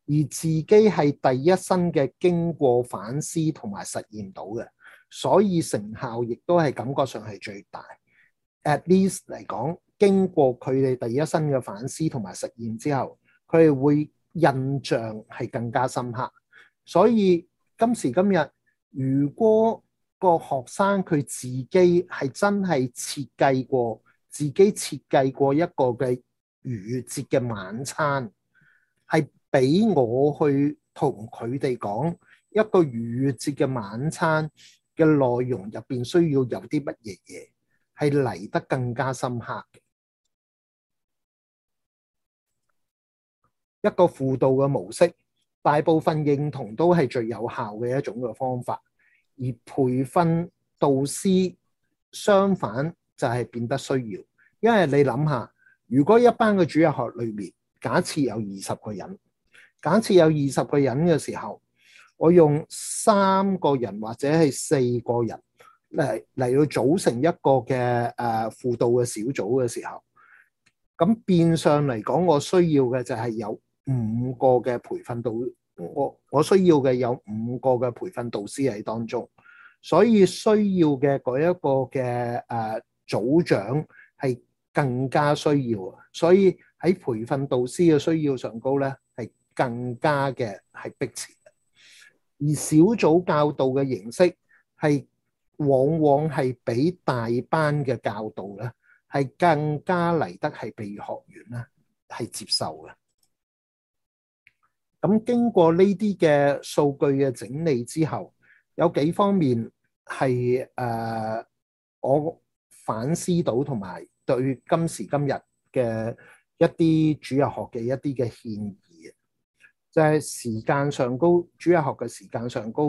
而自己係第一身嘅經過反思同埋實現到嘅，所以成效亦都係感覺上係最大。at least 嚟講，經過佢哋第一身嘅反思同埋實現之後，佢哋會印象係更加深刻。所以今時今日，如果個學生佢自己係真係設計過，自己設計過一個嘅逾越節嘅晚餐，係。俾我去同佢哋講一個逾越節嘅晚餐嘅內容入邊，需要有啲乜嘢嘢係嚟得更加深刻嘅一個輔導嘅模式。大部分認同都係最有效嘅一種嘅方法，而培訓導師相反就係變得需要，因為你諗下，如果一班嘅主日學裏面假設有二十個人。假設有二十個人嘅時候，我用三個人或者係四個人嚟嚟到組成一個嘅誒輔導嘅小組嘅時候，咁變相嚟講，我需要嘅就係有五個嘅培訓導，我我需要嘅有五個嘅培訓導師喺當中，所以需要嘅嗰一個嘅誒組長係更加需要，所以喺培訓導師嘅需要上高咧係。更加嘅係迫切而小組教導嘅形式係往往係比大班嘅教導咧係更加嚟得係被學員啦係接受嘅。咁經過呢啲嘅數據嘅整理之後，有幾方面係誒、呃、我反思到，同埋對今時今日嘅一啲主日學嘅一啲嘅獻。就係時間上高，主日學嘅時間上高，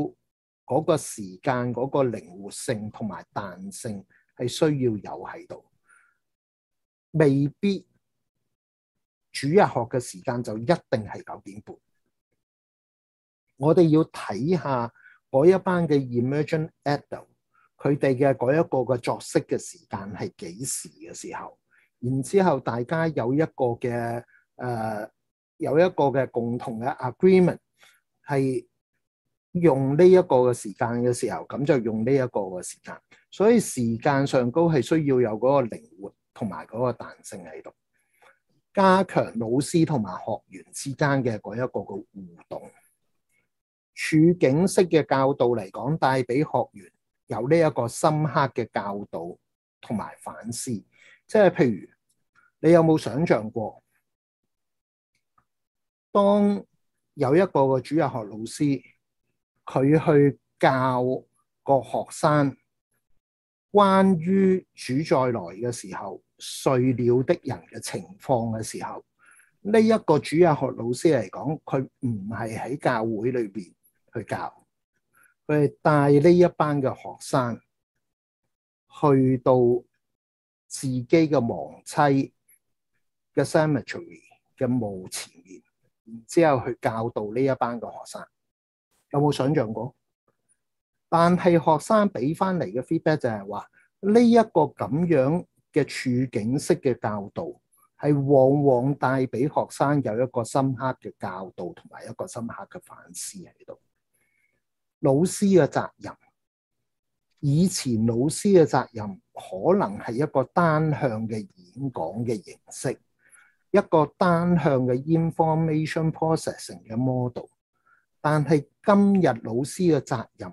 嗰、那個時間嗰、那個靈活性同埋彈性係需要有喺度，未必主日學嘅時間就一定係九點半。我哋要睇下嗰一班嘅 emergent adult 佢哋嘅嗰一個嘅作息嘅時間係幾時嘅時候，然之後大家有一個嘅誒。呃有一個嘅共同嘅 agreement，係用呢一個嘅時間嘅時候，咁就用呢一個嘅時間。所以時間上高係需要有嗰個靈活同埋嗰個彈性喺度，加強老師同埋學員之間嘅嗰一個嘅互動。處境式嘅教導嚟講，帶俾學員有呢一個深刻嘅教導同埋反思。即係譬如，你有冇想像過？當有一個嘅主日學老師，佢去教個學生關於主再來嘅時候，睡了的人嘅情況嘅時候，呢、這、一個主日學老師嚟講，佢唔係喺教會裏邊去教，佢係帶呢一班嘅學生去到自己嘅亡妻嘅 cemetery 嘅墓前面。之後去教導呢一班嘅學生，有冇想象過？但係學生俾翻嚟嘅 feedback 就係話，呢、這、一個咁樣嘅處境式嘅教導，係往往帶俾學生有一個深刻嘅教導，同埋一個深刻嘅反思喺度。老師嘅責任，以前老師嘅責任可能係一個單向嘅演講嘅形式。一個單向嘅 information processing 嘅 model，但係今日老師嘅責任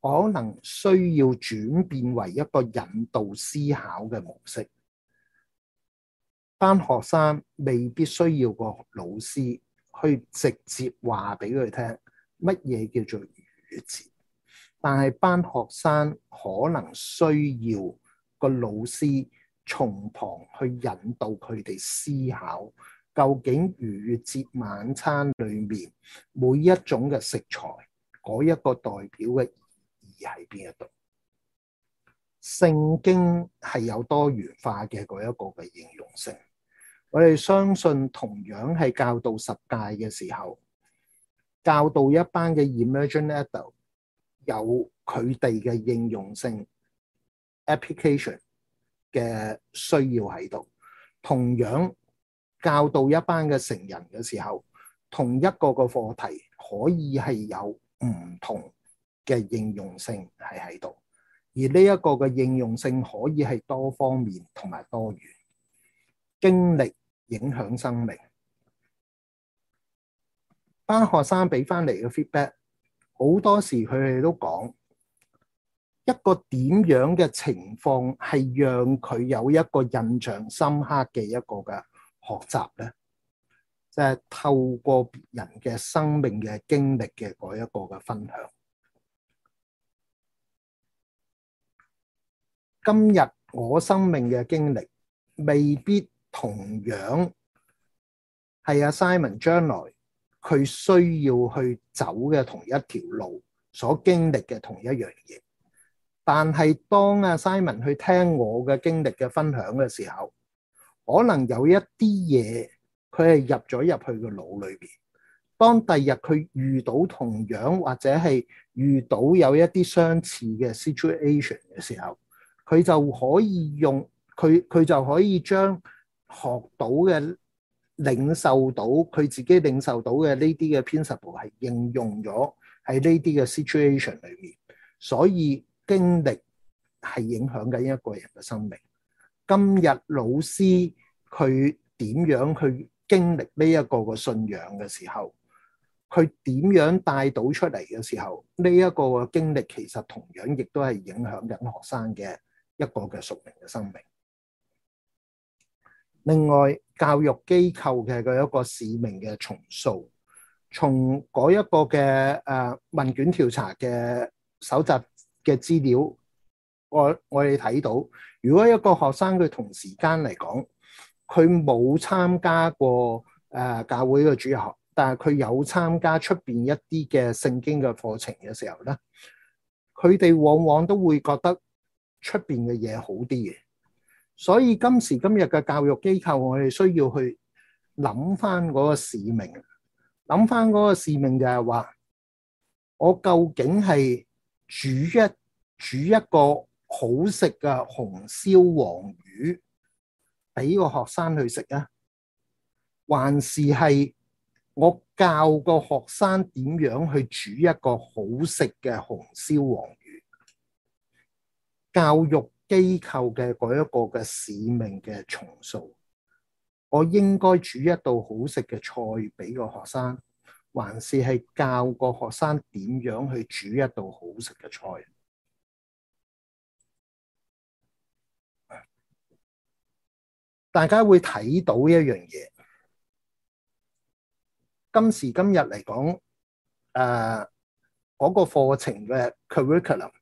可能需要轉變為一個引導思考嘅模式。班學生未必需要個老師去直接話畀佢聽乜嘢叫做語詞，但係班學生可能需要個老師。從旁去引導佢哋思考，究竟逾越節晚餐裏面每一種嘅食材，嗰一個代表嘅意義喺邊一度？聖經係有多元化嘅嗰一個嘅應用性。我哋相信同樣係教導十戒嘅時候，教導一班嘅 emergent adult 有佢哋嘅應用性 application。嘅需要喺度，同樣教導一班嘅成人嘅時候，同一個嘅課題可以係有唔同嘅應用性係喺度，而呢一個嘅應用性可以係多方面同埋多元，經歷影響生命。班學生俾翻嚟嘅 feedback，好多時佢哋都講。一個點樣嘅情況係讓佢有一個印象深刻嘅一個嘅學習呢？即係透過別人嘅生命嘅經歷嘅嗰一個嘅分享。今日我生命嘅經歷未必同樣係阿 Simon 將來佢需要去走嘅同一條路所經歷嘅同一樣嘢。但係，當阿 Simon 去聽我嘅經歷嘅分享嘅時候，可能有一啲嘢佢係入咗入去個腦裏邊。當第日佢遇到同樣或者係遇到有一啲相似嘅 situation 嘅時候，佢就可以用佢，佢就可以將學到嘅、領受到佢自己領受到嘅呢啲嘅 principle 係應用咗喺呢啲嘅 situation 裏面。所以經歷係影響緊一個人嘅生命。今日老師佢點樣去經歷呢一個嘅信仰嘅時候，佢點樣帶到出嚟嘅時候，呢一個嘅經歷其實同樣亦都係影響緊學生嘅一個嘅屬靈嘅生命。另外，教育機構嘅佢一個使命嘅重塑，從嗰一個嘅誒問卷調查嘅蒐集嘅資料，我我哋睇到，如果一個學生佢同時間嚟講，佢冇參加過誒、呃、教會嘅主日學，但係佢有參加出邊一啲嘅聖經嘅課程嘅時候咧，佢哋往往都會覺得出邊嘅嘢好啲嘅。所以今時今日嘅教育機構，我哋需要去諗翻嗰個使命，諗翻嗰個使命就係話，我究竟係？煮一煮一個好食嘅紅燒黃魚俾個學生去食啊？還是係我教個學生點樣去煮一個好食嘅紅燒黃魚？教育機構嘅嗰一個嘅使命嘅重塑，我應該煮一道好食嘅菜俾個學生。還是係教個學生點樣去煮一道好食嘅菜。大家會睇到一樣嘢，今時今日嚟講，誒、呃、嗰、那個課程嘅 curriculum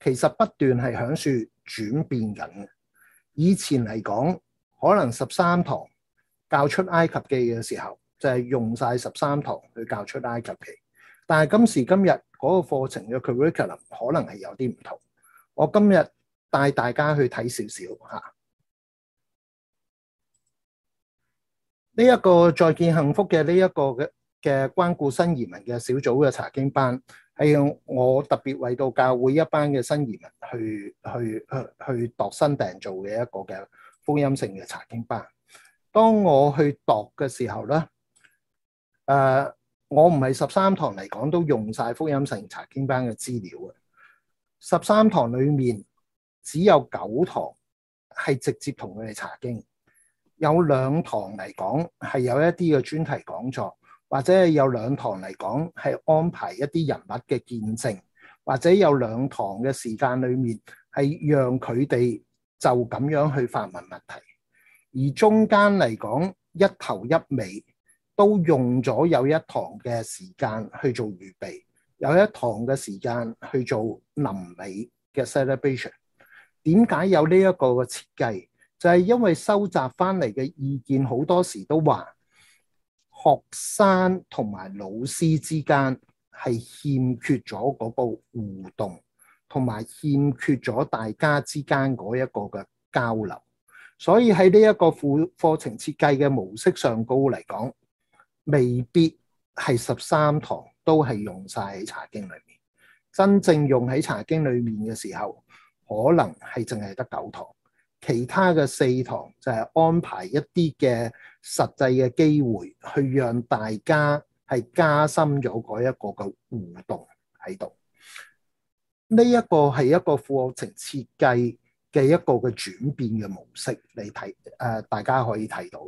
其實不斷係響度轉變緊。以前嚟講，可能十三堂教出埃及記嘅時候。就係用晒十三堂去教出埃及記，但係今時今日嗰個課程嘅 curriculum 可能係有啲唔同。我今日帶大家去睇少少吓。呢、啊、一、呢個再見幸福嘅呢一個嘅嘅關顧新移民嘅小組嘅查經班係我特別為到教會一班嘅新移民去去去，去度身訂做嘅一個嘅福音性嘅查經班。當我去度嘅時候咧。誒，uh, 我唔係十三堂嚟講都用晒福音城查經班嘅資料嘅。十三堂裡面只有九堂係直接同佢哋查經，有兩堂嚟講係有一啲嘅專題講座，或者有兩堂嚟講係安排一啲人物嘅見證，或者有兩堂嘅時間裡面係讓佢哋就咁樣去發問問題，而中間嚟講一頭一尾。都用咗有一堂嘅時間去做預備，有一堂嘅時間去做臨尾嘅 celebration。點解有呢一個嘅設計？就係因為收集翻嚟嘅意見好多時都話學生同埋老師之間係欠缺咗嗰個互動，同埋欠缺咗大家之間嗰一個嘅交流。所以喺呢一個課課程設計嘅模式上高嚟講，未必係十三堂都係用晒喺查經裏面，真正用喺查經裏面嘅時候，可能係淨係得九堂，其他嘅四堂就係安排一啲嘅實際嘅機會，去讓大家係加深咗嗰、這個、一個嘅互動喺度。呢一個係一個課程設計嘅一個嘅轉變嘅模式，你睇誒、呃、大家可以睇到。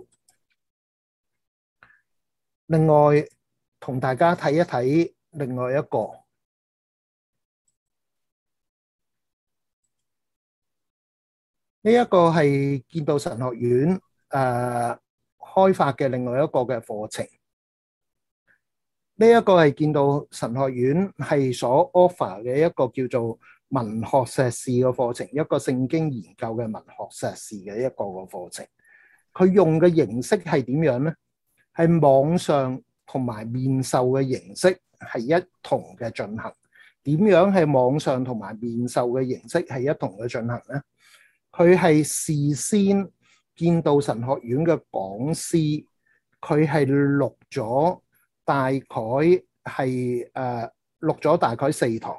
另外，同大家睇一睇另外一個，呢、這、一個係見到神學院誒、呃、開發嘅另外一個嘅課程。呢、這、一個係見到神學院係所 offer 嘅一個叫做文學碩士嘅課程，一個聖經研究嘅文學碩士嘅一個嘅課程。佢用嘅形式係點樣呢？係網上同埋面授嘅形式係一同嘅進行。點樣係網上同埋面授嘅形式係一同嘅進行咧？佢係事先見到神學院嘅講師，佢係錄咗大概係誒，呃，錄咗大概四堂。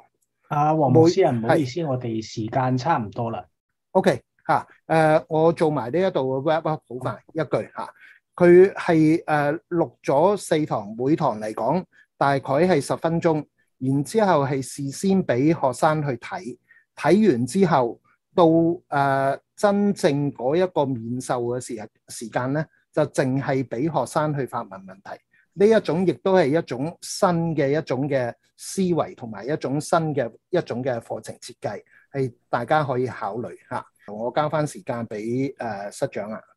阿王牧師，唔每是好意思，我哋時間差唔多啦。OK 吓，誒，我做埋呢一度 wrap up 好快一句吓。佢係誒錄咗四堂，每堂嚟講大概係十分鐘，然之後係事先俾學生去睇，睇完之後到誒真正嗰一個面授嘅時日時間咧，就淨係俾學生去發問問題。呢一種亦都係一種新嘅一種嘅思維同埋一種新嘅一種嘅課程設計，係大家可以考慮吓。我交翻時間俾誒室長啊。